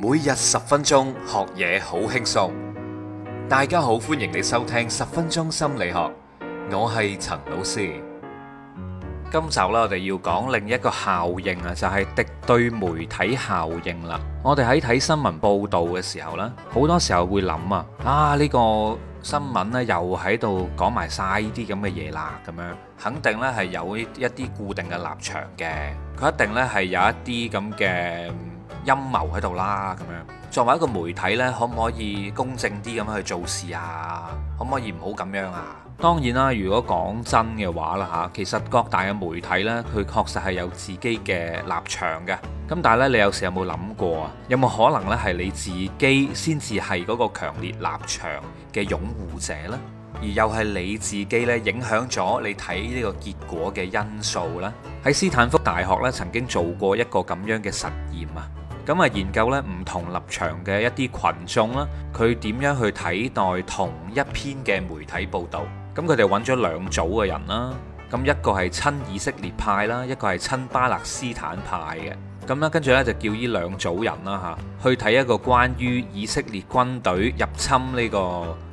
每日十分鐘學嘢好輕鬆。大家好，歡迎你收聽十分鐘心理學，我係陳老師。今集呢，我哋要講另一個效應啊，就係敵對媒體效應啦。我哋喺睇新聞報道嘅時候呢，好多時候會諗啊，啊呢個新聞呢又喺度講埋晒呢啲咁嘅嘢啦，咁樣肯定呢係有一啲固定嘅立場嘅，佢一定呢係有一啲咁嘅。陰謀喺度啦，咁樣作為一個媒體呢，可唔可以公正啲咁去做事啊？可唔可以唔好咁樣啊？當然啦，如果講真嘅話啦嚇，其實各大嘅媒體呢，佢確實係有自己嘅立場嘅。咁但係咧，你有時有冇諗過啊？有冇可能呢係你自己先至係嗰個強烈立場嘅擁護者呢，而又係你自己呢影響咗你睇呢個結果嘅因素呢？喺斯坦福大學呢曾經做過一個咁樣嘅實驗啊！咁啊，研究咧唔同立場嘅一啲群眾啦，佢點樣去睇待同一篇嘅媒體報導？咁佢哋揾咗兩組嘅人啦，咁一個係親以色列派啦，一個係親巴勒斯坦派嘅。咁咧，跟住咧就叫呢兩組人啦嚇，去睇一個關於以色列軍隊入侵呢個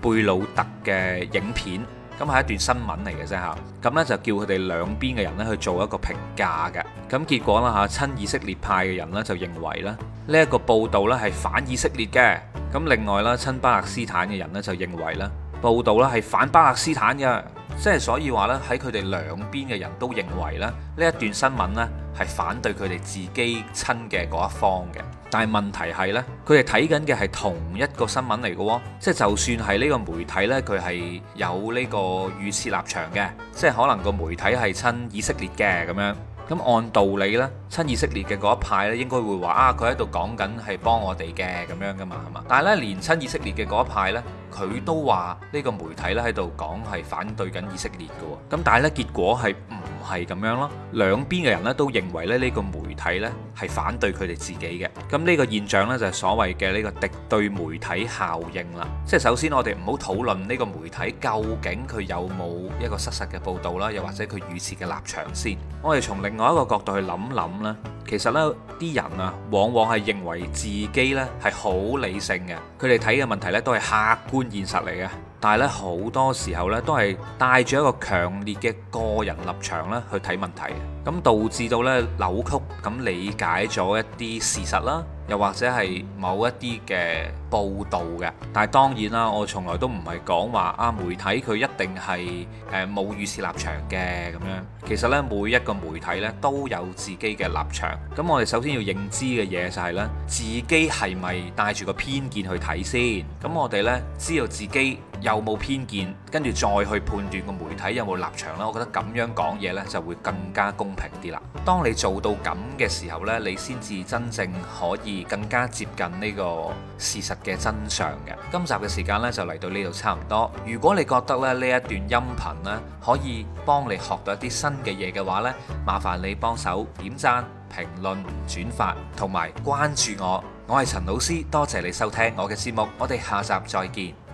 貝魯特嘅影片。咁係一段新聞嚟嘅啫嚇，咁呢就叫佢哋兩邊嘅人呢去做一個評價嘅，咁結果啦嚇，親以色列派嘅人呢就認為呢呢一個報道呢係反以色列嘅，咁另外啦，親巴勒斯坦嘅人呢就認為呢報道呢係反巴勒斯坦嘅，即係所以話呢喺佢哋兩邊嘅人都認為呢呢一段新聞呢係反對佢哋自己親嘅嗰一方嘅。但係問題係呢佢哋睇緊嘅係同一個新聞嚟嘅喎，即係就算係呢個媒體呢佢係有呢個預設立場嘅，即係可能個媒體係親以色列嘅咁樣。咁按道理呢，親以色列嘅嗰一派呢應該會話啊，佢喺度講緊係幫我哋嘅咁樣㗎嘛，係嘛？但係呢連親以色列嘅嗰一派呢，佢都話呢個媒體呢喺度講係反對緊以色列嘅喎。咁但係呢結果係唔，嗯係咁樣咯，兩邊嘅人咧都認為咧呢個媒體呢，係反對佢哋自己嘅。咁呢個現象呢，就係所謂嘅呢個敵對媒體效應啦。即係首先我哋唔好討論呢個媒體究竟佢有冇一個失實嘅報道啦，又或者佢預設嘅立場先。我哋從另外一個角度去諗諗啦，其實呢啲人啊，往往係認為自己呢，係好理性嘅，佢哋睇嘅問題呢，都係客觀現實嚟嘅。但係咧，好多時候咧，都係帶住一個強烈嘅個人立場咧，去睇問題，咁導致到咧扭曲咁理解咗一啲事實啦，又或者係某一啲嘅。報道嘅，但係當然啦，我從來都唔係講話啊媒體佢一定係誒冇預設立場嘅咁樣。其實呢，每一個媒體呢都有自己嘅立場。咁我哋首先要認知嘅嘢就係呢，自己係咪帶住個偏見去睇先？咁我哋呢，知道自己有冇偏見，跟住再去判斷個媒體有冇立場啦。我覺得咁樣講嘢呢，就會更加公平啲啦。當你做到咁嘅時候呢，你先至真正可以更加接近呢個事實。嘅真相嘅，今集嘅時間呢，就嚟到呢度差唔多。如果你覺得咧呢一段音頻咧可以幫你學到一啲新嘅嘢嘅話呢，麻煩你幫手點讚、評論、轉發同埋關注我。我係陳老師，多謝你收聽我嘅節目，我哋下集再見。